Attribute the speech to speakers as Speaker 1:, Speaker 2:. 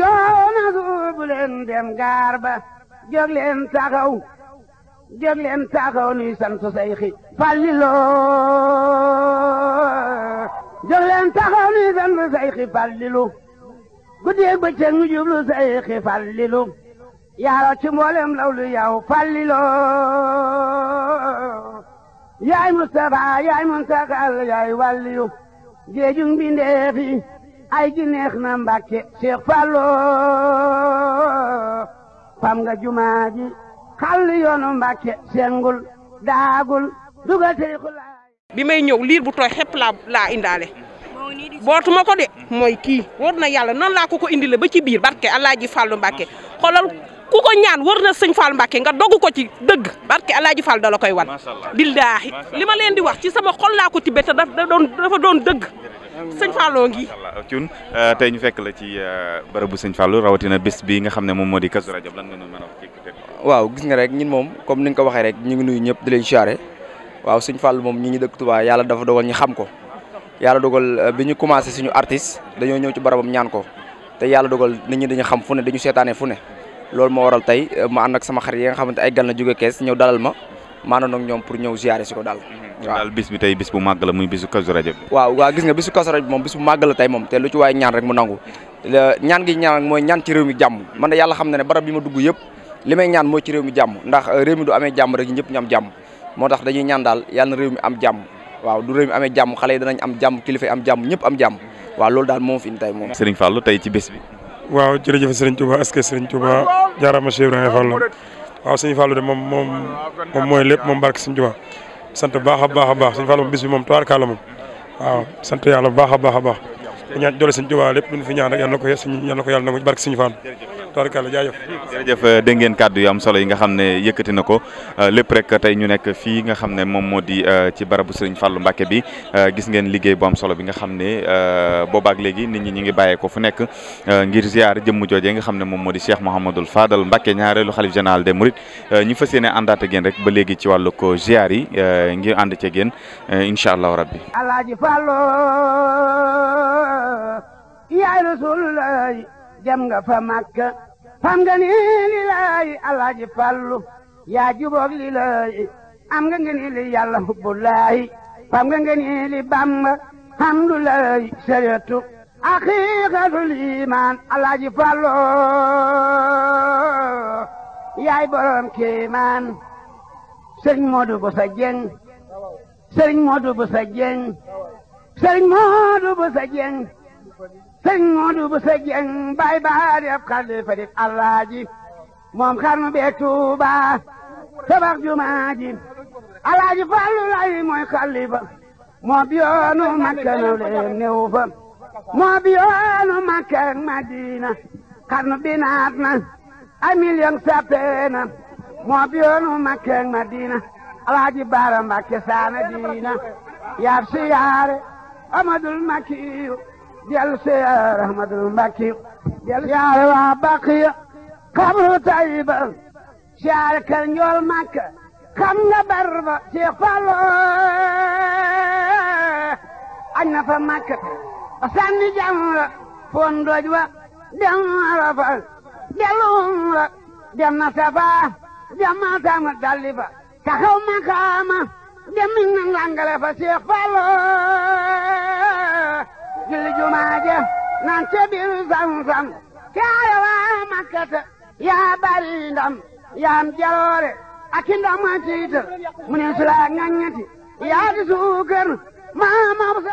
Speaker 1: joona suubu leen dem gaar ba jóg leen taxaw jóg nuy sant Seyxi Fallilo jóg leen taxaw nuy sant Seyxi Fallilu guddeeg bëccëg ñu jublu Seyxi Fallilu yaaro ci mboolem law lu yow Fallilo Mustafa yaay Muntakal yaay wàlliyu géejug mbindeef ay gi neex na mbàkke Cheikh Fallo fam nga jumaa ji xàll yoonu mbàkke sengul daagul dugal tey bi may ñëw liir bu tooy xepp laa laa indaale bootuma ko de mooy kii war na yàlla noonu laa ko ko indile ba ci biir barke Alaaji Fallu Mbàkke xoolal ku ko ñaan war na sëñ Fall Mbàkke nga dogu ko ci dëgg barke Alaaji Fall da la koy wan billaahi li ma leen di wax ci sama xol laa ko tibbe te dafa doon dafa doon dëgg sëñ Fallou ngi.
Speaker 2: cun euh, tey ñu fekk la ci euh, bërëbu
Speaker 3: sëñ Fallou rawatina bés bi nga xam ne moom moo di Kazu Rajab
Speaker 2: lan nga ñu mën a wax waaw gis moom comme ni nga ko waxee rek ñu ngi nuyu ñëpp di leen siyaare waaw sëñ Fallou moom ñi ñu dëkk Touba yàlla dafa dogal ñu xam ko yàlla dogal euh, bi ñu commencé suñu artiste dañoo ñëw ci barabam ñaan ko te yàlla dogal nit ñi dañu xam fu ne dañu seetaane fu ne loolu moo waral tey ma ànd ak sama xarit yi nga xamante ay gan la jóge kees ñëw dalal ma maanaam nag ñoom pour ñëw ziare si ko daal mhm.
Speaker 3: waaw daal bis bi tey bis bu màgg la muy bisu Kazu Rajab bi
Speaker 2: waaw waaw gis nga bisu Kazu Rajab moom bis bu màgg la moom te lu ci waaye ñaan rek mu nangu ñaan gi ñaan mooy ñaan ci réew mi jàmm xam na ne barab bi ma dugg yëpp li may ñaan mooy ci réew jàmm ndax euh, réew mi du amee jàmm rek ñëpp ñu am moo tax dañuy ñaan daal yàlla na réew mi am jàmm waaw du réew mi amee jàmm xale yi danañ am jàmm kilifa am jàmm ñëpp am jàmm waaw loolu daal moom fi ni tey moom Serigne Fallou tey ci bés bi waaw jërëjëf Serigne Touba est-ce que Serigne waaw sëñ Fallou de moom moom moom mooy lépp moom barke sëñ Tuubaa sant baax a baax a baax sëñ Fallou moom bis moom tuwaar kàlla moom waaw sant yàlla baax a baax a baax ñaan doole sëñ Tuubaa lépp luñ fi yàlla na ko yàlla na barke sëñ Fallou tabarkàlla jaajëf
Speaker 3: jërëjëf eh, dégg ngeen kàddu yu am solo yi nga xam ne yëkkati na ko eh, lépp rek tey ñu nekk fii nga xam ne moom moo di eh, ci barabu Serigne Fallou mbake bi gis ngeen liggéey bu am solo bi nga xam ne boobaak léegi nit ñi ñu ngi bàyyee ko fu nekk ngir ziar jëmm joojee nga xam ne moom moo di Cheikh Mouhamadoul Fadal Mbacké ñaareelu xalif général des Mourides ñu fas yéene àndaat ak rek ba léegi ci wàllu ko ziar yi ngir ànd ceeg yéen incha allahu rabbi
Speaker 1: alaaji dem nga fa Makka fam nga ni li lay alaaji Fallu yaa juboog li lay am nga nga ni li yàlla hubbu lay fam nga nga ni li Bamba hamdu lay saretu aqiqatul iman alaaji Fallu yaay borom kéemaan sëriñ Modou Boussa Dieng sëriñ Modou Boussa Dieng sëriñ Modou Boussa Dieng sëñ Moodu bu sa jeng bay baari ab xalifa di alaaji moom xarnu beeg Tuuba tabax jumaa ji alaaji Fallu lay mooy xalifa moo bi yoonu Makka naw leen néew fa moo bi yoonu Makka ak Madina xarnu bi naat na ay million sappeena moo bi yoonu Makka ak Madina alaaji Baara Mbàkke saana diina yaab siyaare amadul makiyu del siyaar Ahmadul Mbàkke del siyaar waa Baqiya xabru Tayba siyaar kër njool Makka xam nga barba Seex añ na fa Makka sànni jamra foon doj wa dem Arafa dellu umra dem na Safa dem na Muzdalifa taxaw maqaama dem na jul jumaa ja nan ca biir zam-zam caaya yaa bari ndam jaloore ak i a tiital mu ne su laa yaa di suukar maa mam